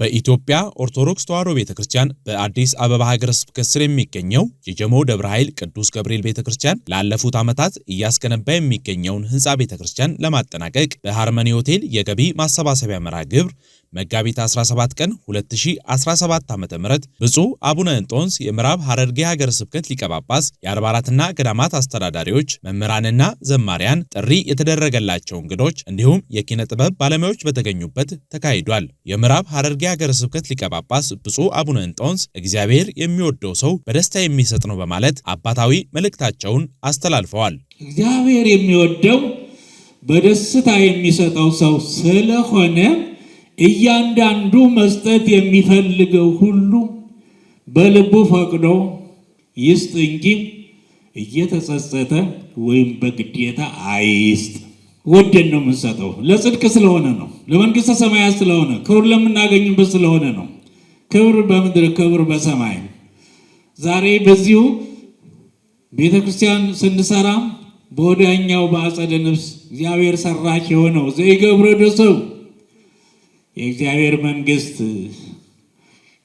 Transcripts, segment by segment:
በኢትዮጵያ ኦርቶዶክስ ተዋሕዶ ቤተ ክርስቲያን በአዲስ አበባ ሀገረ ስብከት ስር የሚገኘው የጀሞ ደብረ ኃይል ቅዱስ ገብርኤል ቤተ ክርስቲያን ላለፉት ዓመታት እያስገነባ የሚገኘውን ህንፃ ቤተ ክርስቲያን ለማጠናቀቅ በሃርመኒ ሆቴል የገቢ ማሰባሰቢያ መርሃ ግብር መጋቢት 17 ቀን 2017 ዓ.ም ብፁዕ አቡነ እንጦንስ የምዕራብ ሐረርጌ ሀገረ ስብከት ሊቀጳጳስ፣ ጳጳስ የአድባራትና ገዳማት አስተዳዳሪዎች፣ መምህራንና ዘማሪያን፣ ጥሪ የተደረገላቸው እንግዶች እንዲሁም የኪነ ጥበብ ባለሙያዎች በተገኙበት ተካሂዷል። የምዕራብ ሐረርጌ ሀገረ ስብከት ሊቀጳጳስ ጳጳስ ብፁዕ አቡነ እንጦንስ እግዚአብሔር የሚወደው ሰው በደስታ የሚሰጥ ነው በማለት አባታዊ መልእክታቸውን አስተላልፈዋል። እግዚአብሔር የሚወደው በደስታ የሚሰጠው ሰው ስለሆነ እያንዳንዱ መስጠት የሚፈልገው ሁሉ በልቡ ፈቅዶ ይስጥ እንጂ እየተጸጸተ ወይም በግዴታ አይስጥ። ወደን ነው የምንሰጠው። ለጽድቅ ስለሆነ ነው፣ ለመንግሥተ ሰማያት ስለሆነ ክብር ለምናገኝበት ስለሆነ ነው። ክብር በምድር ክብር በሰማይ። ዛሬ በዚሁ ቤተ ክርስቲያን ስንሰራ በወዳኛው በአጸደ ንብስ እግዚአብሔር ሰራች የሆነው ዘይገብረ ደሰው የእግዚአብሔር መንግስት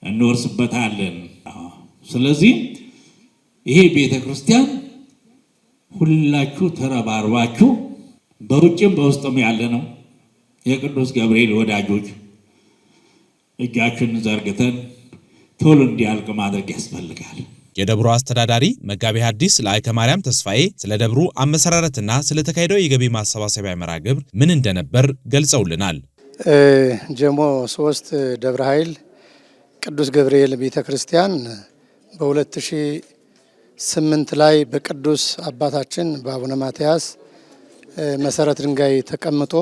እንወርስበታለን። ስለዚህ ይሄ ቤተ ክርስቲያን ሁላችሁ ተረባርባችሁ በውጭም በውስጥም ያለ ነው የቅዱስ ገብርኤል ወዳጆች እጃችን ዘርግተን ቶሎ እንዲያልቅ ማድረግ ያስፈልጋል። የደብሩ አስተዳዳሪ መጋቤ ሐዲስ ለአይከ ማርያም ተስፋዬ ስለ ደብሩ አመሰራረትና ስለተካሄደው የገቢ ማሰባሰቢያ መርሃ ግብር ምን እንደነበር ገልጸውልናል። ጀሞ ሶስት ደብረ ኃይል ቅዱስ ገብርኤል ቤተ ክርስቲያን በ2008 ላይ በቅዱስ አባታችን በአቡነ ማትያስ መሰረት ድንጋይ ተቀምጦ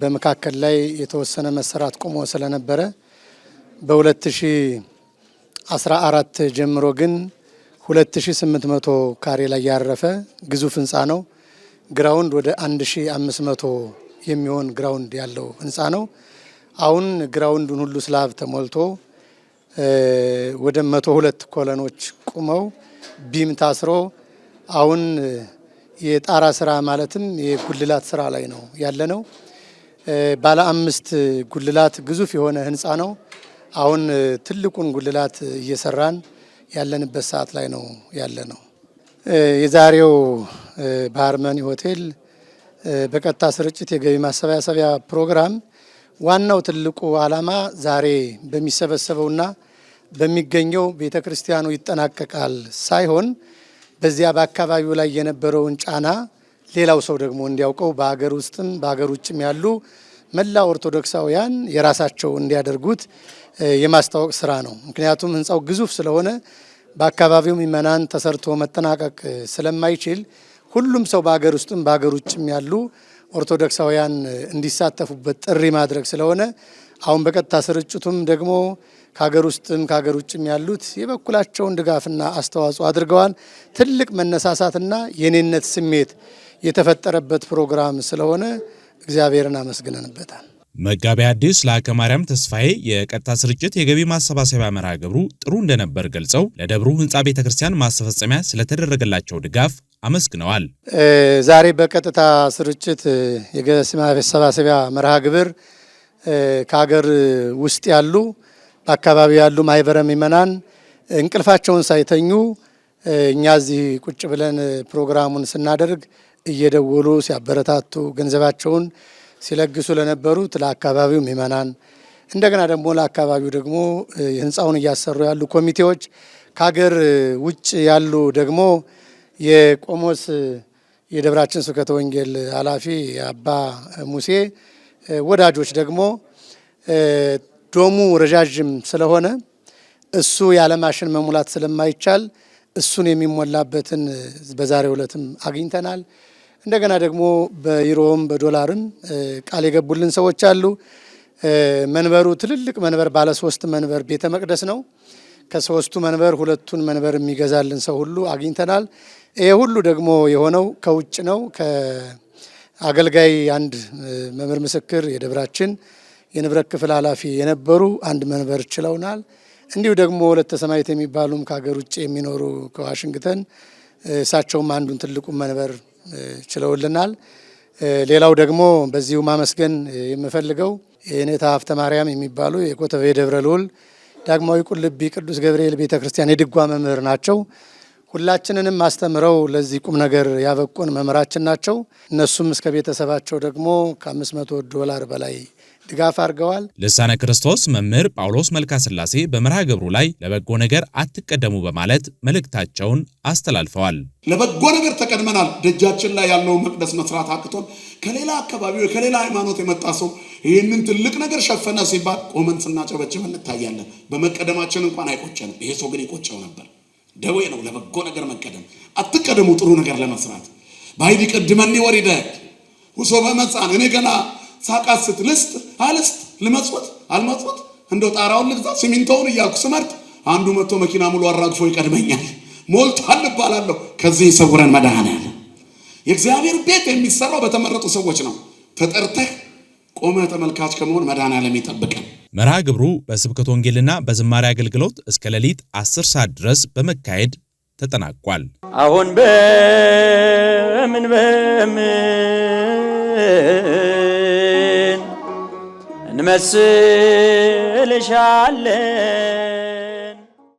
በመካከል ላይ የተወሰነ መሰራት ቆሞ ስለነበረ በ2014 ጀምሮ ግን 2800 ካሬ ላይ ያረፈ ግዙፍ ህንፃ ነው። ግራውንድ ወደ 1500 የሚሆን ግራውንድ ያለው ህንፃ ነው። አሁን ግራውንዱን ሁሉ ስላብ ተሞልቶ ወደ መቶ ሁለት ኮለኖች ቁመው ቢም ታስሮ አሁን የጣራ ስራ ማለትም የጉልላት ስራ ላይ ነው ያለ ነው። ባለ አምስት ጉልላት ግዙፍ የሆነ ህንፃ ነው። አሁን ትልቁን ጉልላት እየሰራን ያለንበት ሰዓት ላይ ነው ያለ ነው። የዛሬው ባህርመኒ ሆቴል በቀጥታ ስርጭት የገቢ ማሰባሰቢያ ፕሮግራም ዋናው ትልቁ ዓላማ ዛሬ በሚሰበሰበውና በሚገኘው ቤተ ክርስቲያኑ ይጠናቀቃል ሳይሆን በዚያ በአካባቢው ላይ የነበረውን ጫና ሌላው ሰው ደግሞ እንዲያውቀው በሀገር ውስጥም በሀገር ውጭም ያሉ መላ ኦርቶዶክሳውያን የራሳቸው እንዲያደርጉት የማስታወቅ ስራ ነው። ምክንያቱም ህንፃው ግዙፍ ስለሆነ በአካባቢው ምእመናን ተሰርቶ መጠናቀቅ ስለማይችል ሁሉም ሰው በሀገር ውስጥም በሀገር ውጭም ያሉ ኦርቶዶክሳውያን እንዲሳተፉበት ጥሪ ማድረግ ስለሆነ አሁን በቀጥታ ስርጭቱም ደግሞ ከሀገር ውስጥም ከሀገር ውጭም ያሉት የበኩላቸውን ድጋፍና አስተዋጽኦ አድርገዋል። ትልቅ መነሳሳትና የኔነት ስሜት የተፈጠረበት ፕሮግራም ስለሆነ እግዚአብሔርን አመስግነንበታል። መጋቤ ሐዲስ ለአከ ማርያም ተስፋዬ የቀጥታ ስርጭት የገቢ ማሰባሰቢያ መርሃ ግብሩ ጥሩ እንደነበር ገልጸው ለደብሩ ሕንፃ ቤተ ክርስቲያን ማስፈጸሚያ ስለተደረገላቸው ድጋፍ አመስግነዋል። ዛሬ በቀጥታ ስርጭት የገቢ ማሰባሰቢያ መርሃ ግብር ከሀገር ውስጥ ያሉ በአካባቢው ያሉ ማህበረ ምዕመናን እንቅልፋቸውን ሳይተኙ እኛ እዚህ ቁጭ ብለን ፕሮግራሙን ስናደርግ እየደወሉ ሲያበረታቱ ገንዘባቸውን ሲለግሱ ለነበሩት ለአካባቢው ምዕመናን እንደገና ደግሞ ለአካባቢው ደግሞ ህንፃውን እያሰሩ ያሉ ኮሚቴዎች ከሀገር ውጭ ያሉ ደግሞ የቆሞስ የደብራችን ስብከተ ወንጌል ኃላፊ አባ ሙሴ ወዳጆች ደግሞ ዶሙ ረዣዥም ስለሆነ እሱ ያለ ማሽን መሙላት ስለማይቻል እሱን የሚሞላበትን በዛሬው ዕለትም አግኝተናል። እንደገና ደግሞ በዩሮም በዶላርም ቃል የገቡልን ሰዎች አሉ። መንበሩ ትልልቅ መንበር ባለ ሶስት መንበር ቤተ መቅደስ ነው። ከሶስቱ መንበር ሁለቱን መንበር የሚገዛልን ሰው ሁሉ አግኝተናል። ይሄ ሁሉ ደግሞ የሆነው ከውጭ ነው። ከአገልጋይ አንድ መምህር ምስክር የደብራችን የንብረት ክፍል ኃላፊ የነበሩ አንድ መንበር ችለውናል። እንዲሁ ደግሞ ወለተ ሰማዕት የሚባሉም ከሀገር ውጭ የሚኖሩ ከዋሽንግተን እሳቸውም አንዱን ትልቁን መንበር ችለውልናል። ሌላው ደግሞ በዚሁ ማመስገን የምፈልገው የኔታ ሀብተ ማርያም የሚባሉ የኮተቤ ደብረ ልዑል ዳግማዊ ቁልቢ ቅዱስ ገብርኤል ቤተ ክርስቲያን የድጓ መምህር ናቸው። ሁላችንንም አስተምረው ለዚህ ቁም ነገር ያበቁን መምህራችን ናቸው። እነሱም እስከ ቤተሰባቸው ደግሞ ከ500 ዶላር በላይ ድጋፍ አድርገዋል። ልሳነ ክርስቶስ መምህር ጳውሎስ መልካ ስላሴ በመርሃ ግብሩ ላይ ለበጎ ነገር አትቀደሙ በማለት መልእክታቸውን አስተላልፈዋል። ለበጎ ነገር ተቀድመናል። ደጃችን ላይ ያለው መቅደስ መስራት አቅቶን ከሌላ አካባቢ ከሌላ ሃይማኖት የመጣ ሰው ይህንን ትልቅ ነገር ሸፈነ ሲባል ቆመን ስናጨበጭብ እንታያለን። በመቀደማችን እንኳን አይቆጨንም። ይሄ ሰው ግን ይቆጨው ነበር። ደዌ ነው ለበጎ ነገር መቀደም። አትቀደሙ ጥሩ ነገር ለመስራት ባይድ ይቀድመኒ ወሪደ ሁሶ በመጻን እኔ ገና ሳቃስት ልስጥ አልስት ልመጽወት አልመጽወት እንደው ጣራውን ልግዛ ሲሚንቶውን እያልኩ ስመርጥ አንዱ መጥቶ መኪና ሙሉ አራግፎ ይቀድመኛል። ሞልቷል እባላለሁ። ከዚህ ይሰውረን መድኃኔዓለም። የእግዚአብሔር ቤት የሚሰራው በተመረጡ ሰዎች ነው። ተጠርተህ ቆመ ተመልካች ከመሆን መድኃኔዓለም ይጠብቀን። መርሃ ግብሩ በስብከት ወንጌልና በዝማሬ አገልግሎት እስከ ሌሊት 10 ሰዓት ድረስ በመካሄድ ተጠናቋል። አሁን በምን በምን እመስልሻለሁ